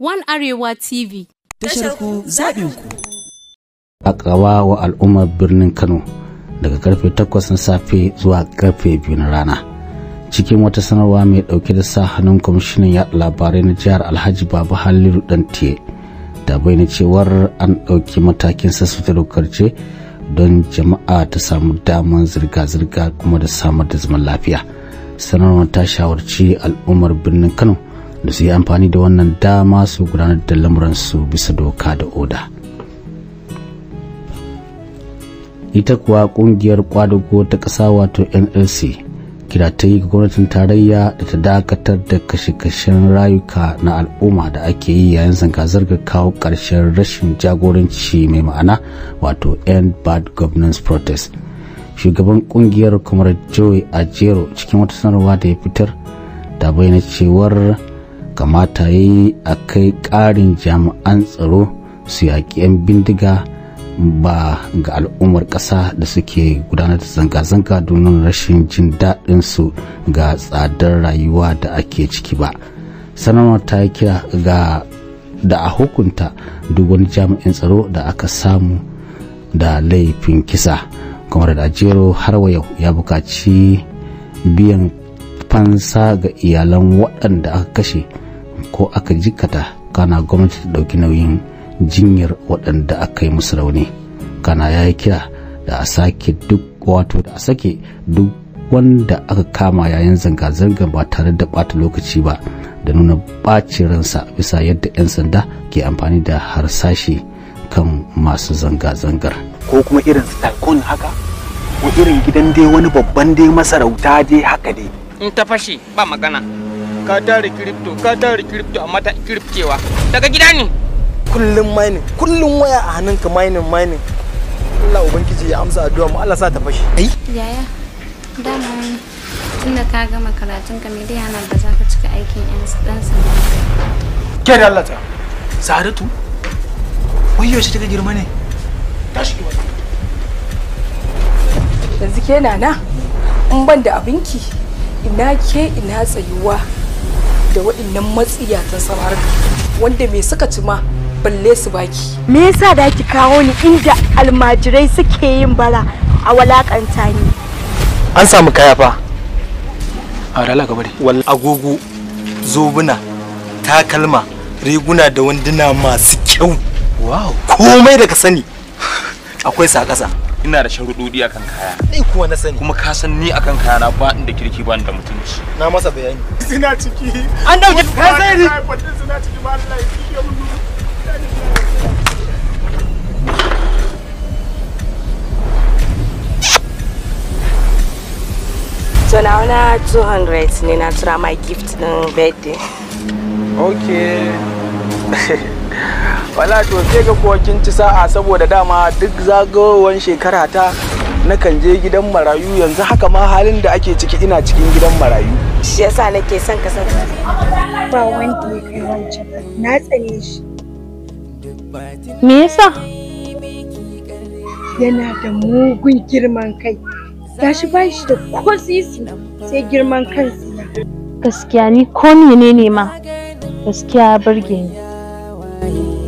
One Arewa TV. A ƙawa wa al'ummar birnin Kano daga karfe 8 na safe zuwa karfe 2 na rana. Cikin wata sanarwa mai ɗauke da sa hannun kwamishinan yaɗa labarai na jihar Alhaji Baba Halilu Dantiye da bayyana cewar an ɗauki matakin sassauta dokar ce don jama'a ta samu damar zirga-zirga kuma da samar da zaman lafiya. Sanarwar ta shawarci al'ummar birnin Kano da su yi amfani da wannan dama su gudanar da lamuransu bisa doka da oda ita kuwa kungiyar kwadugo ta ƙasa wato nlc kira ta yi ga gwamnatin tarayya da ta dakatar da kashe-kashen rayuka na al'umma da ake yi yayin zanga-zangar kawo ƙarshen rashin jagoranci mai ma'ana wato end bad governance protest shugaban kungiyar kamar joey ajero cikin wata sanarwa da ya fitar da bayyana cewar kamata ya yi a kai ƙarin jami'an tsaro su yaƙi 'yan bindiga ba ga al'ummar ƙasa da suke gudanar da zanga-zanga domin rashin jin daɗin su ga tsadar rayuwa da ake ciki ba sanarwar ta kira ga da a hukunta duk wani jami'in tsaro da aka samu da laifin kisa kuma da jero har wa yau ya buƙaci biyan fansa ga iyalan waɗanda aka kashe ko aka jikata kana gwamnati ta ɗauki nauyin jinyar waɗanda aka yi musu rauni kana ya yi kira da a sake duk wato da a sake duk wanda aka kama yayin zanga-zanga ba tare da ɓata lokaci ba da nuna ɓacin ransa bisa yadda 'yan sanda ke amfani da harsashi kan masu zanga-zangar ko kuma irin stalkon haka ko irin gidan dai wani babban dai masarauta dai haka dai in ta fashe ba magana ka tare crypto ka tare kripto amma ta cryptewa daga gida ne kullum mining kullum waya a hannunka mining mining Allah ubangiji ya amsa addu'a mu Allah sa ta fashi ai yaya da tunda ka gama karatun ka me dai yana ba za ka cika aikin yan dan sanda ke da Allah ta Saratu wayyo shi daga girma ne tashi ki wani yanzu ke nana in ban da abinki ina ke ina tsayuwa da waɗannan matsiyatan samarka wanda mai suka ci ma balle su baki me yasa da ki kawo ni inda almajirai suke yin bara a walakanta ni an samu kaya fa a rala ka bari agogo zobuna takalma riguna da wanduna masu kyau wow komai da sani akwai sa ƙasa ina da sharuɗoɗi akan kaya ni kuwa na sani kuma ka san ni akan kaya na ba inda kirki ba inda mutunci na masa bayani suna ciki an dauke ka sai ni suna ciki ba Allah ya So na wana 200 ne na tura my gift din birthday. Okay. wala to sai ga kuwa kin ci sa'a saboda dama duk zagawowar shekara ta kan je gidan marayu yanzu haka ma halin da ake ciki ina cikin gidan marayu shi yasa nake son ka san ba wanda ya kai wancan na tsane shi me yasa yana da mugun girman kai shi ba shi da ko sisi sai girman kansa gaskiya ni ko menene ma gaskiya burge ni